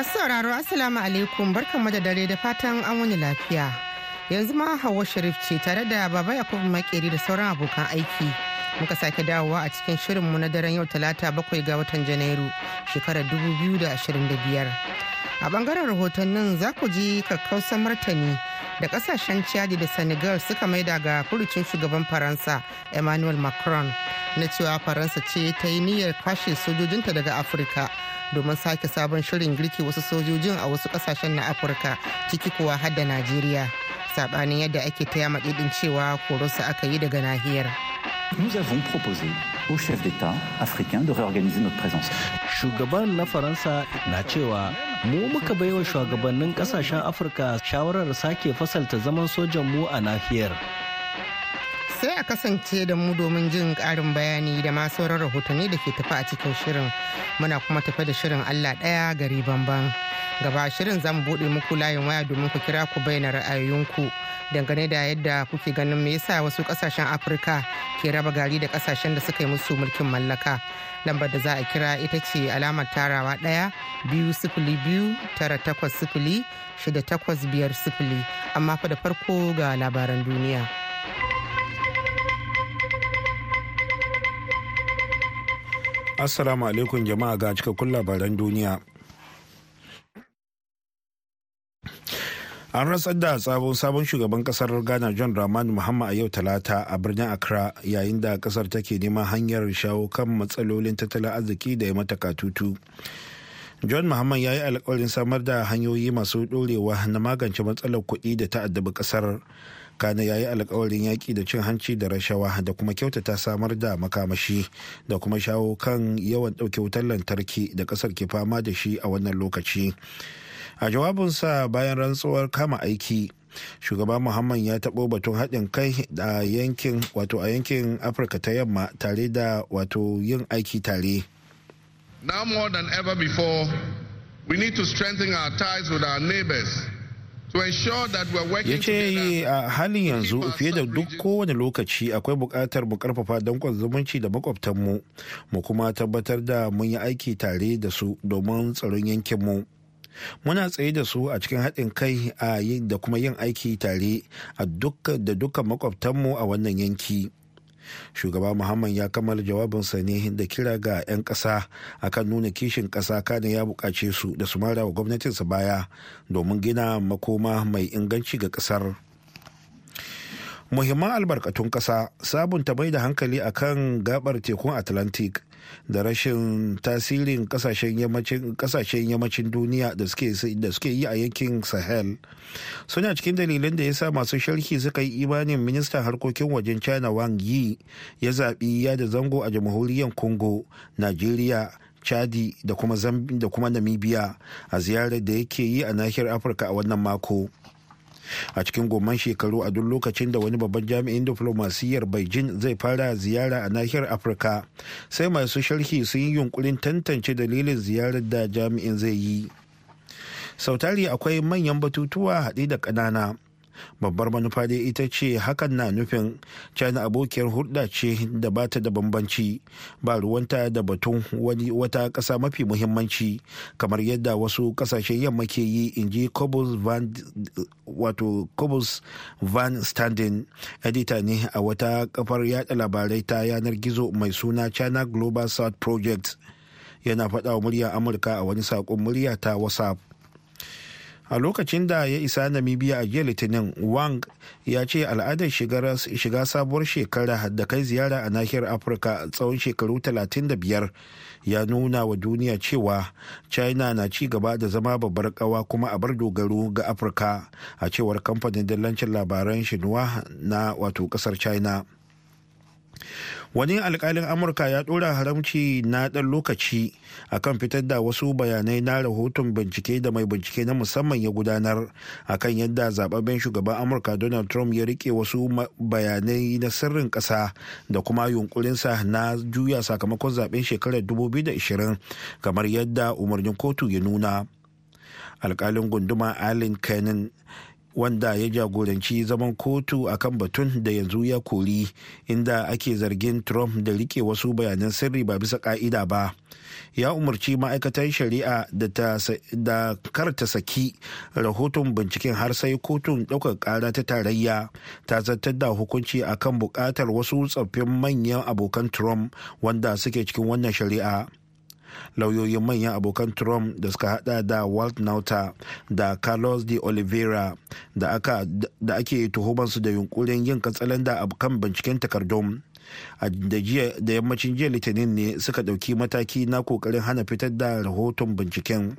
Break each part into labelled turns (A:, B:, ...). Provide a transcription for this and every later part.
A: Masu sauraro Assalamu alaikum barkan da dare da fatan an wani lafiya. Yanzu ma Hauwa Sharif ce tare da Baba Yakubu Makeri da sauran abokan aiki. Muka sake dawowa a cikin shirinmu na daren yau talata bakwai ga watan Janairu shekarar da da ashirin biyar. A bangaren rahotannin za ku ji kakkausan martani da kasashen chadi da senegal suka maida ga furucin shugaban faransa emmanuel macron na cewa faransa ce ta yi niyyar kashe sojojinta daga afirka domin sake sabon shirin girki wasu sojojin a wasu kasashen na afirka ciki kuwa har da najeriya sabanin yadda ake taya maɗiɗin cewa korosa aka yi daga nahiyar
B: Shugaban na Faransa na cewa mu muka baiwa shugabannin kasashen afirka shawarar sake fasalta zaman sojan mu a nahiyar
A: sai a kasance da mu domin jin karin bayani da ma sauran rahotanni da ke tafi a cikin shirin muna kuma tafi da shirin allah daya gari banban gaba shirin za mu buɗe muku layin waya domin ku kira ku bayyana ra'ayoyinku dangane da yadda kuke ganin me yasa wasu kasashen afirka ke raba gari da kasashen da suka yi musu mulkin mallaka lambar da za a kira ita ce alamar tarawa ɗaya biyu sifili biyu tara takwas sifili shida takwas biyar sifili amma fa da farko ga labaran duniya
C: assalamu alaikum jama'a ga cikakkun labaran duniya an rantsar da sabon sabon shugaban kasar ghana john dramani muhammad a yau talata a birnin accra yayin da kasar take neman hanyar shawo kan matsalolin tattalin arziki da ya mata katutu john muhammad ya yi alkawarin samar da hanyoyi masu dorewa na magance matsalar kuɗi da ta'addabi kasar kana ya yi alkawarin yaƙi da cin hanci da rashawa da kuma kyautata samar da makamashi da kuma shawo kan yawan ɗauke wutar lantarki da ƙasar ke fama da shi a wannan lokaci a jawabinsa bayan rantsuwar kama aiki shugaba muhammad ya taɓo batun haɗin kai a yankin wato a yankin afirka ta yamma tare da wato yin aiki tare
D: now more than ever before
B: to strengthen our ties with our neighbors ya ce
C: a halin yanzu fiye da duk kowane lokaci akwai bukatar mu karfafa danƙon zumunci da makwabtanmu mu kuma tabbatar da mun yi aiki tare da su domin tsaron yankinmu muna tsaye da su a cikin haɗin kai da kuma yin aiki tare da dukkan makwabtanmu a wannan yanki shugaba muhammad ya kammala jawabinsa ne da kira ga 'yan ƙasa akan nuna kishin ƙasa kane ya buƙace su da su mara wa gwamnatinsa baya domin gina makoma mai inganci ga ƙasar muhimman albarkatun ƙasa sabunta bai da hankali akan gabar tekun atlantic da rashin tasirin kasashen yammacin duniya da suke yi a yankin sahel suna cikin dalilan da ya sa masu sharhi suka yi imanin ministan harkokin wajen china wang yi ya zaɓi yada zango a jamhuriyar congo nigeria chadi da kuma namibia a ziyarar da yake yi a nahiyar afirka a wannan mako. a cikin goman shekaru a duk lokacin da wani babban jami'in diflomasiyyar beijing zai fara ziyara a nahiyar afirka sai masu sharhi sun yi yunkurin tantance dalilin ziyarar da jami'in zai yi sautari akwai manyan batutuwa haɗi da ƙanana babbar manufa dai ita ce hakan na nufin china abokiyar hulɗa ce da ba ta da bambanci ba ruwanta da batun wani wata ƙasa mafi muhimmanci kamar yadda wasu ƙasashen yamma ke yi in ji cobus van standing edita ne a wata kafar yada labarai ta yanar gizo mai suna china global south project yana faɗa wa murya amurka a wani saƙon murya ta whatsapp a lokacin da ya isa namibia a jiya litinin wang ya ce al'adar shiga sabuwar shekara da kai ziyara a nahiyar afirka tsawon shekaru 35 ya nuna wa duniya cewa china na ci gaba da zama babbar kawa kuma a bar dogaro ga afirka a cewar kamfanin dillancin labaran shinuwa na wato kasar china wani alkalin amurka ya ɗora haramci na dan lokaci akan fitar da wasu bayanai na rahoton bincike da mai bincike na musamman ya gudanar akan yadda zababben shugaban amurka donald trump ya rike wasu bayanai na sirrin kasa da kuma yunkurinsa na juya sakamakon zaben shekarar 2020 kamar yadda umarnin kotu ya nuna alkalin gunduma allen kenan wanda ya jagoranci zaman kotu a kan batun da yanzu ya kori inda ake zargin trump da rike wasu bayanan sirri ba bisa ka'ida ba ya umarci ma'aikatan shari'a da kar ta saki rahoton binciken har sai kotun ɗaukar ƙara ta tarayya ta zartar da hukunci akan buƙatar wasu tsoffin manyan abokan trump wanda suke cikin wannan shari'a lauyoyin manyan abokan trump da suka hada da walt nauta da carlos de oliveira da ake tuhumansu da yunkurin yin katsalanda a kan binciken takardun da yammacin jiya litinin ne suka dauki mataki na kokarin hana fitar da rahoton binciken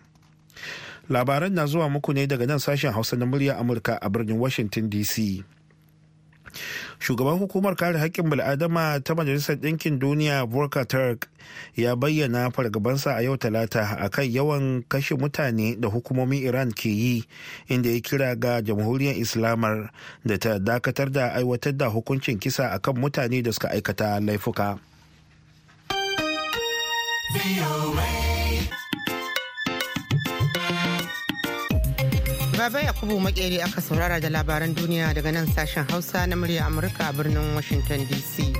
C: labaran na zuwa muku ne daga nan sashen hausa na murya amurka a birnin washington dc shugaban hukumar kare haƙƙin bil'adama ta majalisar ɗinkin duniya burka turk ya bayyana fargabansa a yau talata a kan yawan kashe mutane da hukumomin iran ke yi inda ya kira ga jamhuriyar islamar da ta dakatar da aiwatar da hukuncin kisa a kan mutane da suka aikata laifuka.
A: Baba Yakubu Makeri aka saurara da labaran duniya daga nan sashen Hausa na murya Amurka a birnin Washington DC.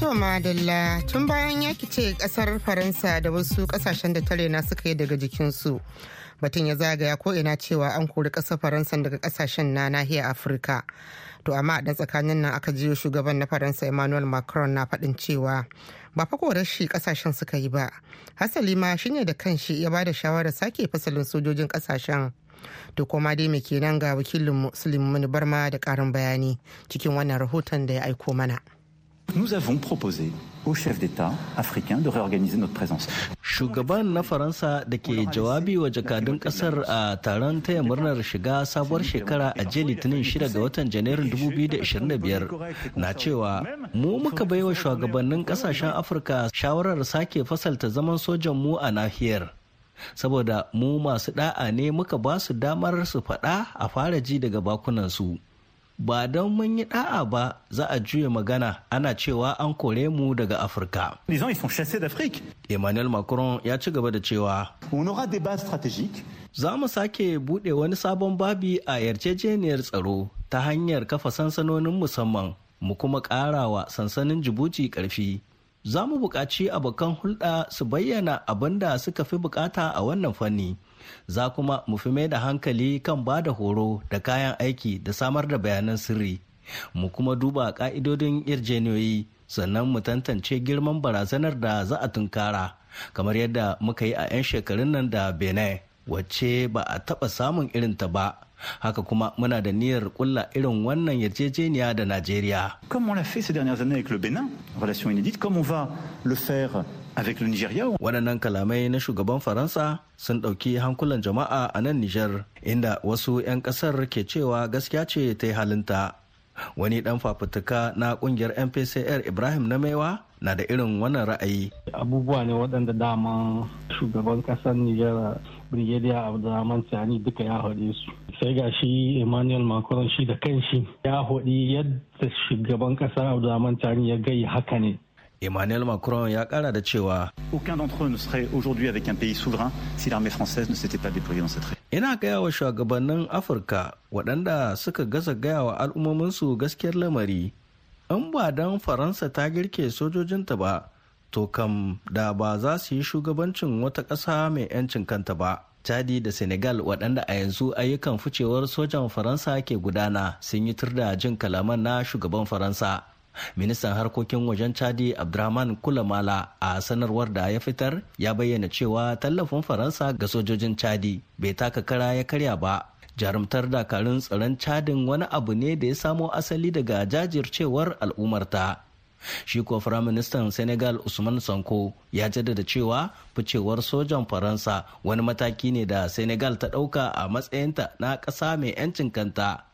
A: To madalla tun bayan ya ce kasar Faransa da wasu kasashen da tare na suka yi daga jikinsu. Batun ya zagaya ko ina cewa an kori kasar Faransa daga kasashen na nahiyar Afirka. To amma a tsakanin nan aka jiyo shugaban na Faransa Emmanuel Macron na faɗin cewa ba fa korar shi kasashen suka yi ba hasali ma shine da kanshi ya bada shawarar sake fasalin sojojin kasashen to kuma dai me kenan ga wakilin muslim barma da karin bayani cikin wannan rahoton da ya aiko mana
B: nous avons proposé au chef d'État africain de réorganiser notre présence. Shugaban na Faransa da ke jawabi wa jakadun kasar a taron taya murnar shiga sabuwar shekara a jiya Litinin 6 ga watan Janairun 2025 na cewa mu muka baiwa shugabannin kasashen Afirka shawarar sake fasalta zaman sojan mu a nahiyar. Saboda mu masu da'a ne muka ba su damar su faɗa a fara ji daga bakunansu. su. ba don mun yi da'a ba za a juya magana ana cewa an kore mu daga afirka emmanuel macron ya ci gaba da cewa za mu sake buɗe wani sabon babi a yarjejeniyar tsaro ta hanyar kafa sansanonin musamman mu kuma ƙarawa sansanin jibuti ƙarfi za mu buƙaci abokan hulɗa su bayyana abin da suka fi bukata a wannan fanni za kuma mu fi mai da hankali kan ba da horo da kayan aiki da samar da bayanan sirri mu kuma duba ka'idodin yarjeniyoyi sannan mu tantance girman barazanar da za a tunkara kamar yadda muka yi a 'yan shekarun nan da benin wacce ba a taɓa samun irinta ba haka kuma muna da niyyar kulla irin wannan yarjejeniya da Najeriya. Comme on l'a fait ces dernières années avec le Bénin, relation inédite, comme on va le Waɗannan kalamai na shugaban Faransa sun ɗauki hankulan jama'a a nan Nijar, inda wasu 'yan ƙasar ke cewa gaskiya ce ta yi halinta. Wani ɗan fafutuka na ƙungiyar MPCR Ibrahim Namewa na da irin wannan ra'ayi. Abubuwa ne waɗanda dama shugaban ƙasar Nijar Brigadier Abdulrahman Tani duka ya haɗe su. sai ga shi emmanuel macron shi da kanshi ya haɗi yadda shugaban kasar abdulrahman tani ya gai haka ne Emmanuel Macron ya kara da cewa Aucun d'entre eux ne serait aujourd'hui avec un pays souverain si l'armée française ne s'était pas déployée dans cette région. Ina gaya wa shugabannin Afirka waɗanda suka gasa gaya wa al'ummominsu gaskiyar lamari in ba don Faransa ta girke sojojinta ba to kam da ba za su yi shugabancin wata ƙasa mai 'yancin kanta ba. Chadi da Senegal waɗanda a yanzu ayyukan ficewar sojan Faransa ke gudana sun yi turda jin kalaman na shugaban Faransa. ministan harkokin wajen chadi abdurrahman kulamala a sanarwar da ya fitar ya bayyana cewa tallafin faransa ga sojojin chadi bai taka kara ya karya ba jarumtar dakarun tsaron cadin wani abu ne da ya samo asali daga jajircewar al'ummarta shi ko firaministan senegal usman sanko ya jaddada cewa ficewar sojan faransa wani mataki ne da senegal ta ɗauka a matsayinta na ƙasa mai 'yancin kanta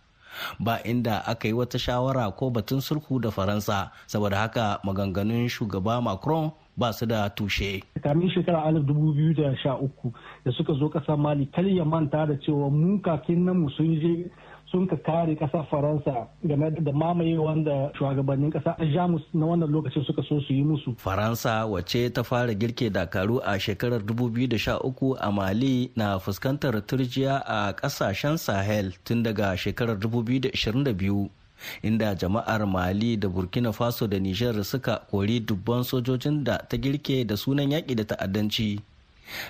B: ba inda aka yi wata shawara ko batun sulhu da faransa saboda haka maganganun shugaba macron ba su da tushe. kamin shekara alif dubu biyu da sha uku da suka zo kasar mali kar ya manta da cewa mu kakin namu sun je sun ka kare kasar faransa game da mamaye wanda shugabannin kasa jamus na wannan lokacin suka so su yi musu faransa wace ta fara girke dakaru a shekarar 2013 a mali na fuskantar turjiya a kasashen sahel tun daga shekarar 2022 inda jama'ar mali da burkina faso da niger suka kori dubban sojojin da ta girke da sunan yaƙi da ta'addanci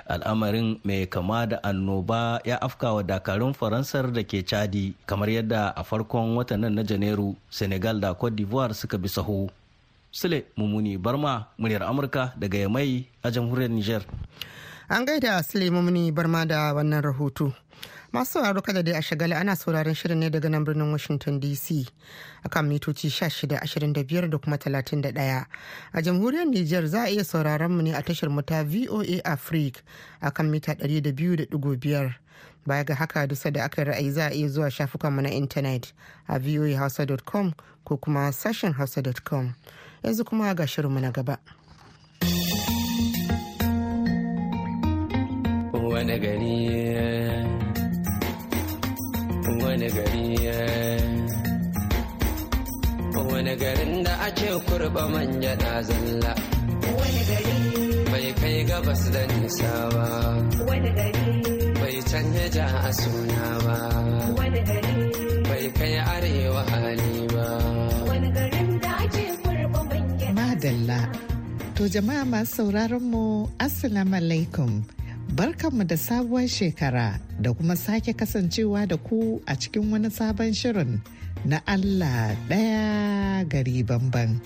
B: al'amarin mai kama da annoba ya afkawa dakarun faransar da ke chadi kamar yadda a farkon watan na janairu senegal da cote d'ivoire suka bi sahu sule mummuni barma muryar amurka daga yamai a jamhuriyar niger
A: an gaida sule mummuni barma da wannan rahoto Masu sauraro kada dai a shagali ana sauraron shirin ne daga nan birnin Washington DC akan mitoci 1625 da kuma 31. A jamhuriyar Nijar za a iya sauraron mu ne a tashar mu ta VOA Africa akan mita 200.5. Baya ga haka dusa da aka ra'ayi za a iya zuwa shafukan mu na intanet a voahausa.com ko kuma sashen hausa.com. Yanzu kuma ga shirin mu na gaba.
C: Wani gari
E: wani gari eh. wani garin da ake kurba manja da zalla wani gari bai kai gabas da nisa ba wani gari bai canje ja a suna ba wani gari bai kai arewa hali ba wani
D: garin da ake kurba manja madalla to jama'a masu sauraron mu assalamu alaikum Barkanmu da sabuwar shekara da kuma sake kasancewa da ku a cikin wani sabon shirin na Allah ɗaya gari bamban.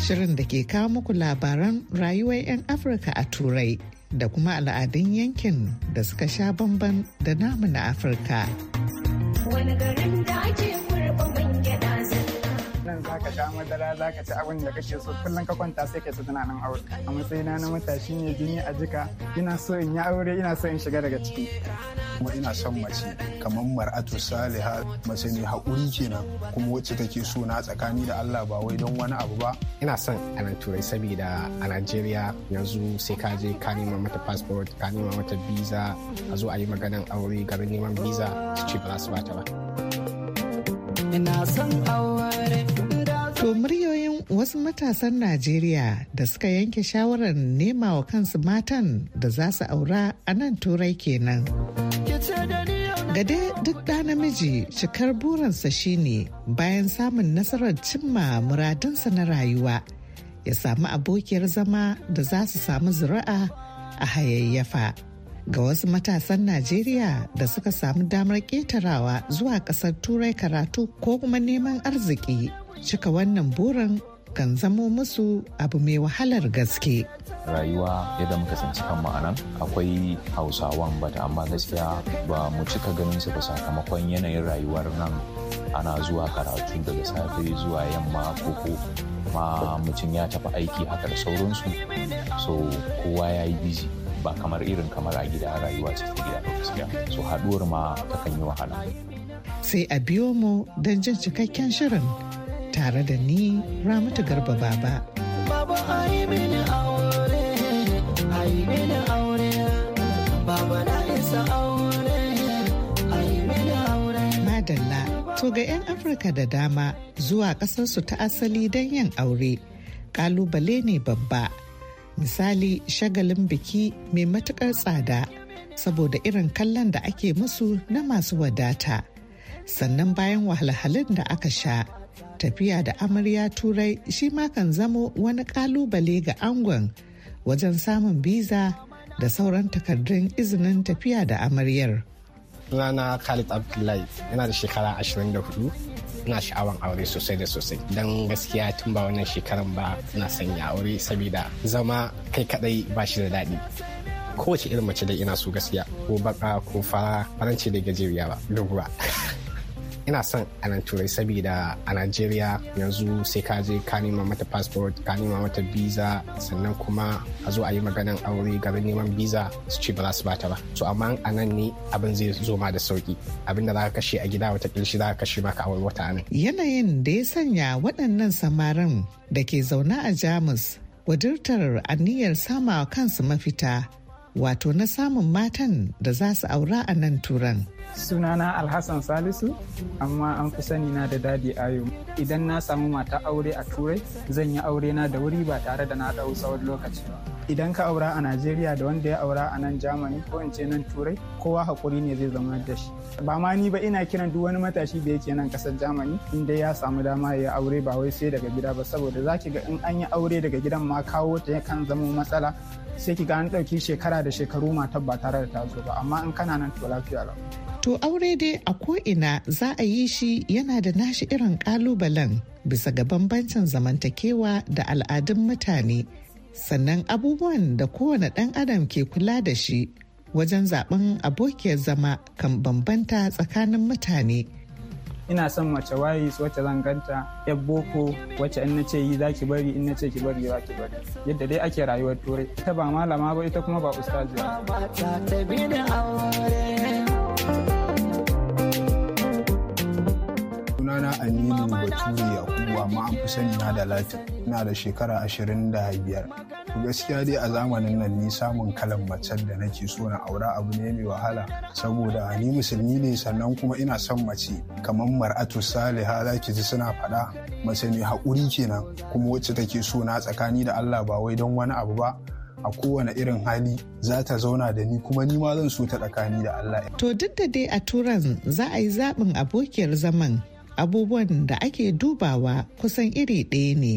D: Shirin da ke kawo muku labaran rayuwar 'yan Afirka a Turai da kuma al'adun yankin da suka sha bamban da namu na Afirka.
F: sha madara za ka ci abin da kake so kullum ka kwanta sai ka ci tunanin aure a matsayina na matashi ne jini a jika ina so in yi aure ina so in shiga daga ciki kuma ina son mace kamar mar'atu saliha mace ne haƙuri kenan kuma wacce take so na tsakani da Allah ba wai don wani abu ba ina son a turai saboda a Najeriya yanzu sai
E: ka je ka nema mata passport ka nema mata visa a zo a yi maganan aure garin neman visa su ce ba za su bata ba
D: ina son aure To muryoyin wasu matasan Najeriya da suka yanke shawarar nema wa kansu matan da za su aura a nan turai kenan. Gade duk ɗa namiji cikar burinsa shine bayan samun nasarar cimma muradinsa na rayuwa ya samu abokiyar zama da za su samu zuri'a a hayayyafa. Ga wasu matasan Najeriya da suka samu damar ƙetarawa zuwa ƙasar turai karatu ko kuma neman arziki cika wannan burin kan zamo musu abu mai wahalar gaske.
G: rayuwa yadda muka tsinci kan ma'anan akwai hausawan ba amma gaskiya ba mu cika ganin su ba sakamakon yanayin rayuwar nan ana zuwa karatu daga safe zuwa yamma ko ma mutum ya tafi aiki haka da sauransu so kowa ya yi bizi ba kamar irin kamar a gida rayuwa ce ta gida gaskiya so haɗuwar ma
B: kan yi wahala
D: sai a biyo mu don jin cikakken shirin tare da ni Ramatu Garba Baba. Baba mini aure, mini aure, baba isa aure, mini aure. Madalla, to ga 'yan Afirka da dama zuwa ƙasarsu ta asali don yin aure, ƙalubale ne babba. Misali shagalin biki mai matuƙar tsada saboda irin kallon da ake musu na masu wadata. Sannan bayan wahalhalun da aka sha. tafiya da amarya turai shi ma kan zamo wani kalubale ga angon wajen samun biza da sauran takardun izinin tafiya da amaryar. sunana
E: khalid abdullahi yana da shekara 24 ina sha'awan aure sosai da sosai don gaskiya tun ba wannan shekaran ba na sanya aure saboda zama kai kadai ba shi da daɗi kowace irin mace da ina so gaskiya ko baka ko fara faranci da gajeriya ba ina son anan turai saboda a najeriya yanzu sai ka je ka nema mata passport ka nema mata visa sannan kuma a zo a yi maganin aure garin neman visa su ce ba za su bata ba to amma a nan ne abin zai zo ma da sauki abin da za ka kashe a gida wata shi za ka kashe maka a wata anan
D: yanayin da ya sanya waɗannan samarin da ke zauna a jamus wadurtar aniyar sama kansu mafita wato na samun matan da za su aura a nan turan.
F: sunana alhassan salisu amma an fi sani na da dadi ayo idan na samu mata aure a turai zan yi aure na da wuri ba tare da na ɗau tsawon lokaci ba idan ka aura a najeriya da wanda ya aura a nan Jamani ko in ce nan turai kowa haƙuri ne zai zama da shi ba ma ni ba ina kiran duk wani matashi da yake nan kasar germany dai ya samu dama ya aure ba wai sai daga gida ba saboda zaki ga in an yi aure daga gidan ma kawo ta yakan zama matsala sai ki gani ɗauki shekara da shekaru ma ba tare da tazo ba amma in kana nan to lafiya lau.
D: To aure dai a ko ina za a yi shi yana da nashi irin ƙalubalen bisa ga bambancin zamantakewa da al'adun mutane sannan abubuwan da kowane ɗan adam ke kula da shi wajen zaben abokiyar zama kan bambanta tsakanin mutane
F: ina son mace wayis wacce zan ganta yar boko wacce in nace yi zaki bari in nace ki bari zaki bari yadda dai ake rayuwar turai ita ba malama ba ita kuma ba ustaziya sunana aminu baturi kuwa ma an fi sani na da ina da shekara ashirin da biyar to gaskiya dai a zamanin nan ni samun kalan macen da nake so na aura abu ne mai wahala saboda ni musulmi ne sannan kuma ina son mace kamar mar'atu saliha za ki ji suna faɗa mace mai haƙuri kenan kuma wacce take so na tsakani da allah ba wai don wani abu ba a kowane
D: irin hali za ta zauna da ni kuma ni ma zan so ta tsakani da Allah. To duk da dai a turan za a yi zaɓin abokiyar zaman abubuwan da ake dubawa kusan iri ɗaya ne.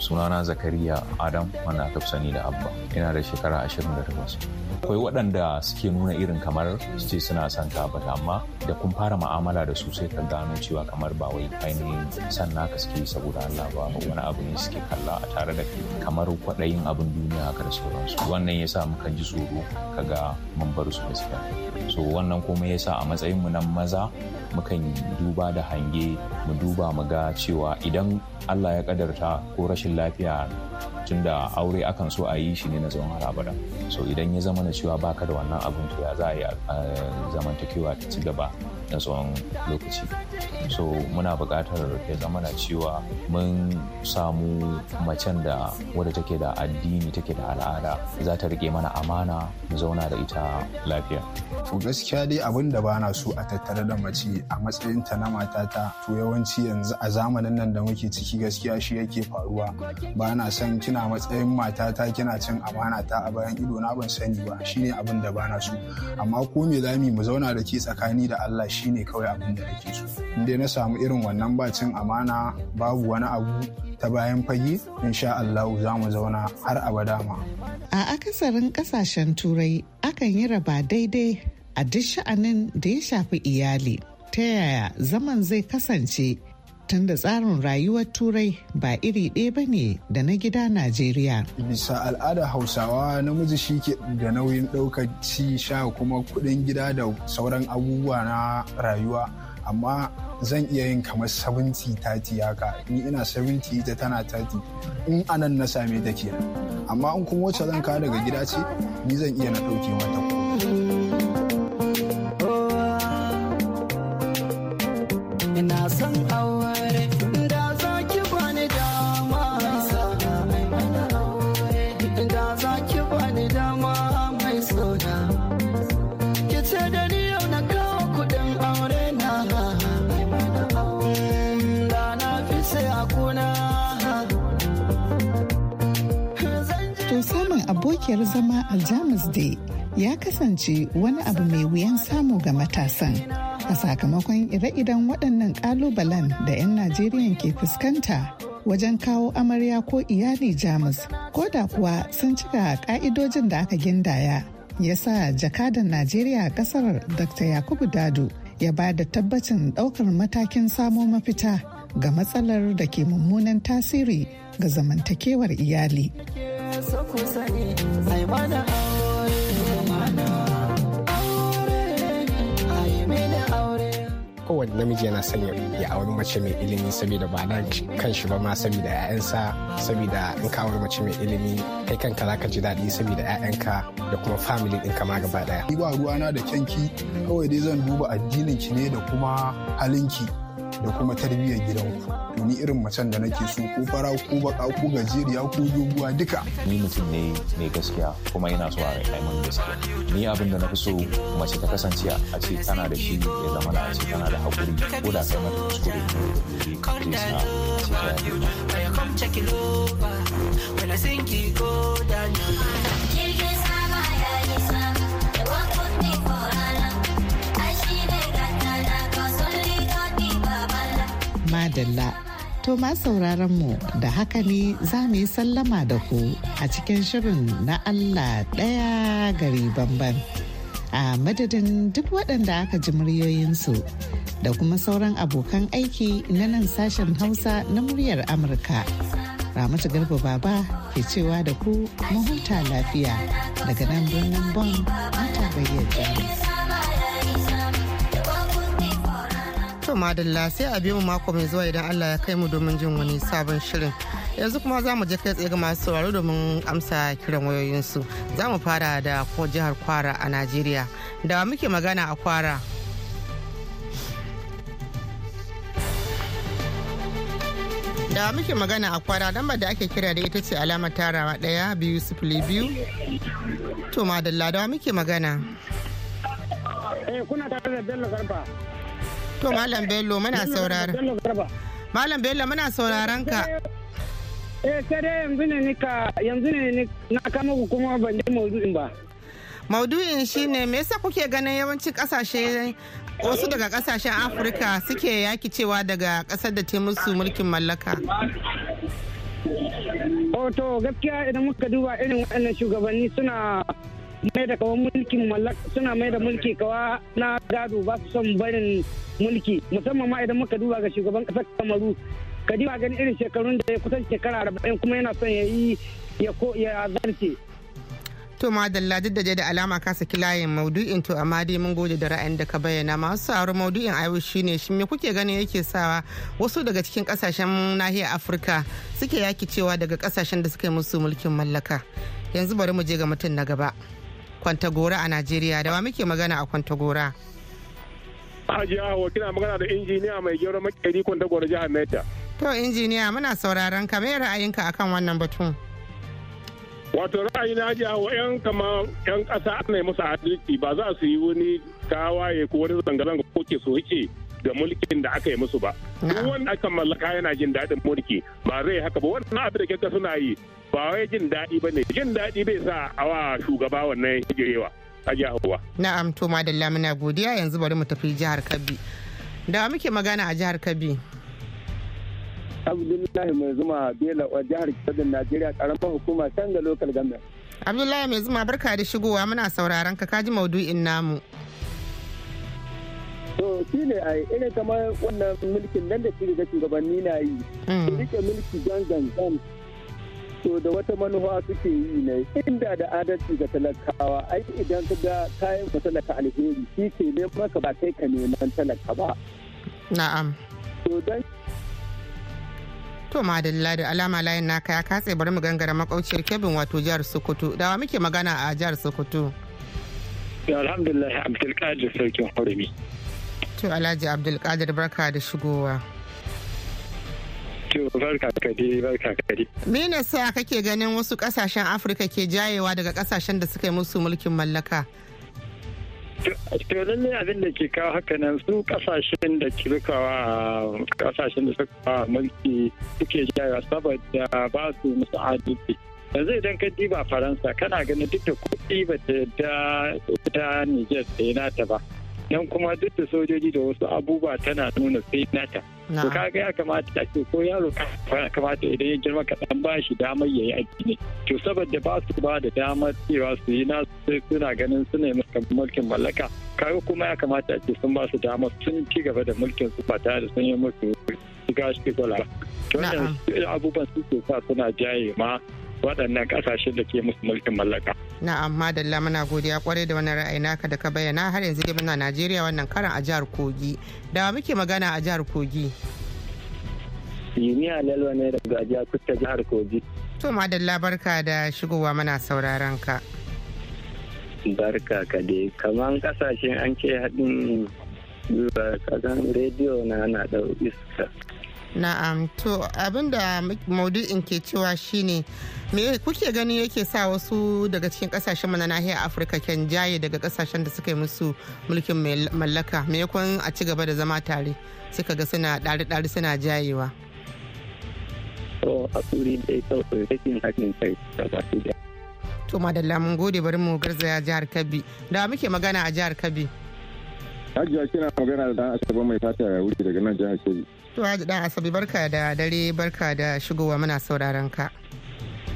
G: sunana zakariya adam wanda aka sani da abba ina da shekara ashirin da 28 akwai waɗanda suke nuna irin kamar su ce suna son ka amma da kun fara ma'amala da su sai ka gano cewa kamar ba wai ainihin san naka suke saboda Allah ba wani abu ne suke kalla a tare da kamar kwaɗayin abin duniya haka da sauransu wannan ya sa muka ji tsoro ka ga mun bar su gaskiya so wannan kuma ya sa a matsayinmu na maza mukan duba da hange mu duba mu ga cewa idan allah ya kadarta ko rashin lafiya tunda aure akan so a yi shi ne na tsawon har abada so idan ya zama na cewa baka da wannan abin to ya za a yi eh, zamantakewa ta ci gaba na tsawon lokaci so muna buƙatar ya zama na cewa mun samu macen da wadda take da addini take da al'ada za ta rike mana amana mu zauna da ita lafiya
F: to gaskiya dai abin da bana so a tattare da mace a matsayin ta na matata to yawanci yanzu a zamanin nan da muke ciki gaskiya shi yake faruwa bana na son kina matsayin matata kina cin amana ta a bayan ido na ban sani ba shine abin da bana so amma ko me zamu mu zauna da ke tsakani da Allah shine kawai abin da nake so dai na samu irin wannan bacin amana babu wani abu ta bayan fage insha Allahu za mu zauna har abada ma.
D: A akasarin kasashen turai akan yi raba daidai a duk sha'anin da ya shafi iyali ta yaya zaman zai kasance tunda tsarin rayuwar turai ba iri ɗaya ba ne da na gida najeriya
F: bisa al'ada hausawa namiji shi ke da nauyin ɗaukar ci sha kuma kuɗin gida da sauran abubuwa na rayuwa amma zan iya yin kamar 70-30 haka in ina 70 ita tana 30 in anan na same ta kenan amma in kuma wacce zan kawo daga gida ce ni zan iya na ɗauke mata
D: abokiyar zama a Jamus Day ya kasance wani abu mai wuyan samu ga matasan a sakamakon ire-iren waɗannan ƙalubalen da 'yan najeriya ke fuskanta wajen kawo amarya ko iyali jamus ko da kuwa sun cika ƙa'idojin da aka gindaya ya sa jakadan najeriya ƙasar dr yakubu dadu ya ba da tabbacin ɗaukar matakin samo mafita ga matsalar da ke mummunan tasiri ga zamantakewar iyali.
E: kowane namiji yana son ya auri mace mai ilimi saboda ba dan kanshi ba ma saboda 'ya'yansa saboda in ka auri mace mai ilimi kai kanka ka ji daɗi saboda 'ya'yanka da kuma family din ma gaba daya.
F: Ni ba ruwana da kyanki kawai dai zan duba addinin ki ne da kuma halinki da kuma tarbiyyar gidanku to ni irin macen da nake so ko fara ko baka ko gajeriya ko doguwa duka
G: ni mutum ne mai gaskiya kuma ina so a rai mun gaskiya ni abin da na fi so mace ta kasance a ce tana da shi ya zama na ce tana da hakuri ko da kai mata kuskure ko da sa ce
A: ta yi
D: Dalla To ma sauraron mu da haka ne za mu yi sallama da ku a cikin shirin na Allah ɗaya gari bamban. A madadin duk waɗanda aka ji muryoyinsu da kuma sauran abokan aiki na nan sashen Hausa na muryar Amurka. Ramatu Garba Baba ke cewa da ku mahuta lafiya daga nan birnin Bon, mata bayyana.
A: To madalla sai a biyu mako mai zuwa idan Allah ya kai mu domin jin wani sabon shirin. Yanzu kuma za mu je kai tsaye ga masu sauraro domin amsa kiran wayoyinsu. Za mu fara da ko jihar Kwara a Najeriya. Da muke magana a Kwara. da muke magana a kwara lambar da ake kira da ita ce alamar tarawa daya biyu sifili biyu to madalla da muke magana eh kuna tare da bello garba To Malam Bello muna sauraron. Malam Bello muna sauraron ka. Eh sai dai yanzu ne ka yanzu ne na kama ku kuma ban da maudu'in ba. Maudu'in shine me yasa kuke ganin yawancin kasashe wasu daga kasashen Afirka suke yaki cewa daga kasar da ta musu mulkin mallaka. Oh to gaskiya idan muka duba irin waɗannan shugabanni
E: suna mai da kawan mulkin mallaka suna mai da mulki kawa na gado ba su son barin mulki musamman ma idan muka duba ga shugaban kasar kamaru kadima gani irin shekarun da ya kusan shekara arba'in kuma yana son ya yi ya zarce
A: to madalla duk da da alama ka saki layin maudu'in to amma dai mun gode da ra'ayin da ka bayyana masu sauraro maudu'in ayu shine shin me kuke ganin yake sawa wasu daga cikin kasashen nahiyar afirka suke yaki cewa daga kasashen da suka yi musu mulkin mallaka yanzu bari mu je ga mutum na gaba. kwantagora a najeriya da wa muke magana a kwantagora
B: hajiya hawa kina magana da injiniya mai gero makeri kwantagora jihar meta
A: to injiniya muna sauraron ka mai ra'ayinka akan wannan batun
C: wato ra'ayi na hajiya hawa yan
B: kama yan kasa ana musu adalci ba za su yi wani tawaye ko wani zanga-zanga ko ke so yake da mulkin da aka yi musu ba. Duk wanda aka mallaka yana jin daɗin mulki ba zai haka ba wannan abin da kika suna yi ba wai jin daɗi ba ne jin daɗi bai sa awa shugaba wannan hijirewa hajiya hawa
A: na'am to madalla muna godiya yanzu bari mu tafi jihar kabi. da muke magana a jihar kabi?
B: abdullahi mai zuma bela a jihar kabbi najeriya karamar hukuma can da lokal gambia
A: abdullahi mai zuma barka da shigowa muna sauraron ka kaji maudu'in namu
B: to shi ne a irin kamar wannan mulkin nan da shi da shugabanni na yi mm. rike mulki gangan gangan to da wata manufa suke yi ne inda da adalci ga talakawa ai idan ka ga kayan ka talaka alheri shi ke ne maka ba kai ka neman
D: talaka ba
A: na'am to dan to madalla da alama layin naka ya katse bari mu gangara makauciyar kebin wato jihar sokoto dawa muke magana a jihar sokoto
F: alhamdulillah abdulkadir sarkin hurumi
A: to alhaji abdulkadir barka da shigowa
E: To barka
B: kake
A: ganin wasu kasashen Afirka ke jayewa daga kasashen da suka yi musu mulkin mallaka?
B: To ne abin da ke kawo haka nan su kasashen da ke rikawa kasashen da suka mulki suke
C: jayewa saboda ba su musu adalci. yanzu idan ka diba faransa kana ganin duk da kuɗi ba ta da ta niger sai nata ba don kuma duk da sojoji da wasu abubuwa tana nuna sai nata to ka ga ya kamata a ce ko yaro kamata idan ya girma kadan ba shi damar ya yi aiki ne to saboda ba su ba da damar cewa
B: su yi na suna ganin suna yi mulkin mallaka kaga kuma ya kamata a ce sun ba su damar sun ci gaba da mulkin su ba tare da sun yi musu shiga shi Wannan abubuwan su sa suna jaye ma waɗannan ƙasashen da ke musu mulkin mallaka.
A: Na'am madalla muna godiya kwarai da wannan ra'ayi naka da ka bayyana har yanzu dai muna Najeriya wannan karan a jihar Kogi. Da muke magana a jihar Kogi.
B: Yuniya Lalwa ne daga jihar kusa jihar Kogi.
A: To madalla barka da shigowa mana sauraron ka.
B: Barka ka dai kamar ƙasashen an ke haɗin kasan rediyo na na ɗau iska.
A: na'am to abinda maudu'in ke cewa shine me kuke gani yake sa wasu daga cikin kasashen mana nahiyar afirka kyan jaye daga kasashen da suka yi musu mulkin mallaka me kun a ci gaba da zama tare suka ga suna ɗari-ɗari suna jayewa to da mun gode bari mu garzaya jihar kabi da muke magana a jihar kabi
C: hajiya kina magana da dan asabe mai fata wuri daga nan jihar kebbi
A: To haji dan asabi barka da dare barka da shigowa muna sauraron ka.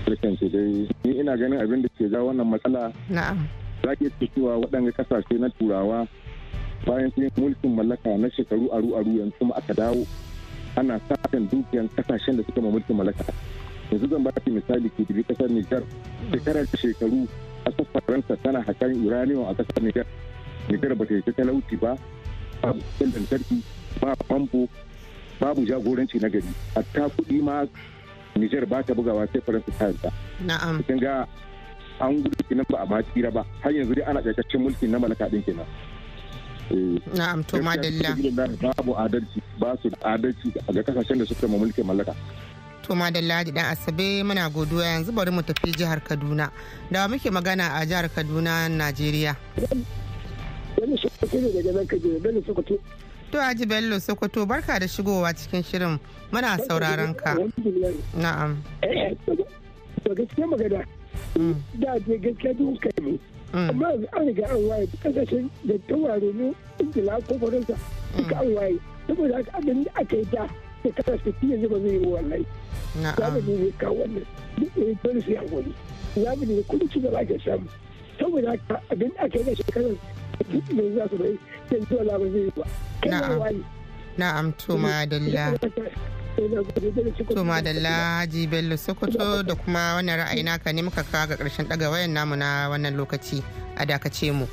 B: Barkan ki dai ni ina ganin abin da ke za wannan matsala. Na'am. Za ki cewa waɗanda kasashe na turawa bayan sun mulkin mallaka na shekaru aru aru yanzu kuma aka dawo ana sakan dukiyan kasashen da suka mulkin mallaka. Yanzu zan ki misali ke dubi kasar Nijar shekarar shekaru kasar Faransa tana hakan uranium a kasar Nijar. Nijar ba ta yi talauci ba, ba lantarki, ba famfo, babu jagoranci na gari hatta kuɗi ma Nijar ba ta bugawa sai Faransa ta yarda. Na'am. Kin ga an gudu kenan ba a ma tsira ba har yanzu dai ana ƙarƙashin mulkin na malaka din kenan. Eh. Na'am to madalla. Babu adalci ba su da adalci ga kasashen da suka ma mulkin mallaka.
A: to madalla da dan asabe muna godiya yanzu bari mu tafi jihar kaduna da muke magana a jihar kaduna najeriya To Haji Bello Sokoto barka da shigowa cikin shirin muna sauraron ka. Na'am. Eh, to gaskiya magana. Mm. Da je gaskiya duk
B: kai mu. Mm. Amma an riga an waye kasashen da tawaro ne Ingila ko Faransa mm. duka an waye. Saboda haka abin da aka yi da da kasashe yanzu zuba zai yi wallahi.
A: Na'am. mu ne kawo wannan. Duk da ya dole sai a wani. mu ne kudu ci gaba ake samu. saboda abin da aka yi da shekarar da za su bai sai zuwa labar zai ba na'am na'am to madalla to madalla haji bello sokoto da kuma wannan ra'ayi naka ne muka kawo ga ƙarshen ɗaga wayan namu na wannan lokaci a dakace mu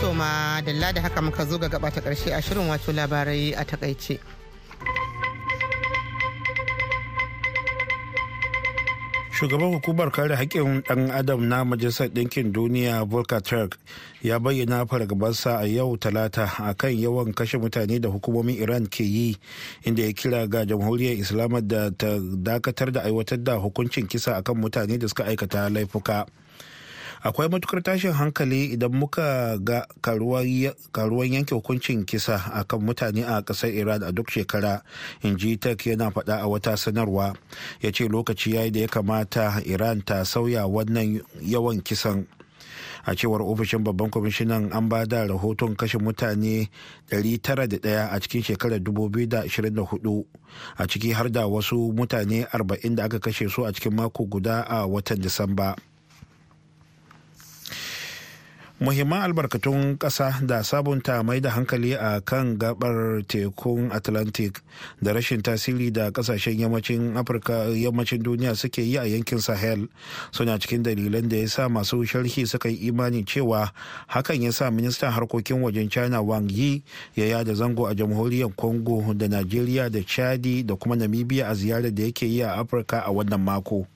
A: to madalla da haka muka zo ga gaba ta a shirin wato labarai a takaice
C: shugaban hukumar kare haƙƙin ɗan adam na majalisar ɗinkin duniya volker turk ya bayyana fargabarsa a yau talata akan yawan kashe mutane da hukumomin iran ke yi inda ya kira ga jamhuriyar islamar da ta dakatar da aiwatar da hukuncin kisa akan mutane da suka aikata laifuka. akwai matukar tashin hankali idan muka ga karuwan yanke hukuncin kisa a kan mutane a kasar iran a duk shekara in ji tak yana faɗa a wata sanarwa ya ce lokaci ya yi da ya kamata iran ta sauya wannan yawan kisan a cewar ofishin babban kwamishinan an ba da rahoton kashe mutane 901 a cikin shekarar 2024 a ciki har da wasu mutane 40 da aka kashe su a cikin mako guda a watan disamba muhimman albarkatun ƙasa da sabunta mai da hankali a kan gabar tekun atlantic da rashin tasiri da ƙasashen yammacin afirka yammacin duniya suke yi a yankin sahel suna cikin dalilan da ya sa masu sharhi suka yi imani cewa hakan ya sa ministan harkokin wajen china wang yi ya yada zango a jamhuriyar congo da nigeria da chadi da kuma namibia a ziyarar da yake yi a afirka a wannan mako.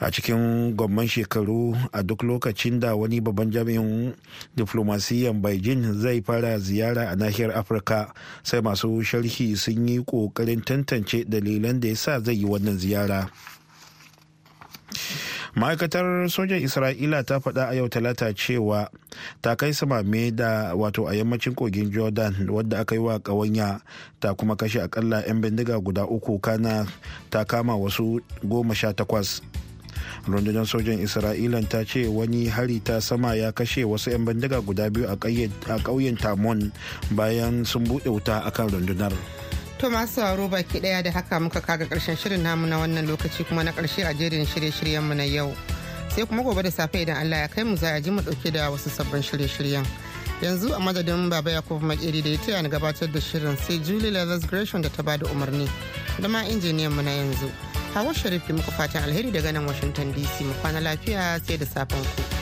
C: a cikin gomman shekaru a duk lokacin da wani babban jami'in diflomasiyan beijing zai fara ziyara a nahiyar afirka sai masu sharhi sun yi kokarin tantance dalilan da ya sa zai yi wannan ziyara ma'aikatar sojan isra'ila ta faɗa a yau talata cewa ta kai samame da wato a yammacin kogin jordan wadda aka yi wa ƙawanya ta kuma kashe akalla 'yan bindiga guda uku kana ta kama wasu goma sha takwas rundunar sojan isra'ila ta ce wani hari ta sama ya kashe wasu 'yan bindiga guda biyu a ƙauyen tamon bayan sun buɗe wuta akan rundunar
A: To masu sauraro baki daya da haka muka kaga karshen shirin namu na wannan lokaci kuma na karshe a jerin shirye-shiryenmu na yau. Sai kuma gobe da safe idan Allah ya kai mu za a ji mu dauke da wasu sabbin shirye-shiryen. Yanzu a madadin Baba Yakubu Makeri da ya taya ni gabatar da shirin sai Julie Leathers Gresham da ta bada umarni. Da ma injiniyan mu na yanzu. hawa sharif muku fatan alheri daga nan washington dc mu kwana lafiya sai da safen ku.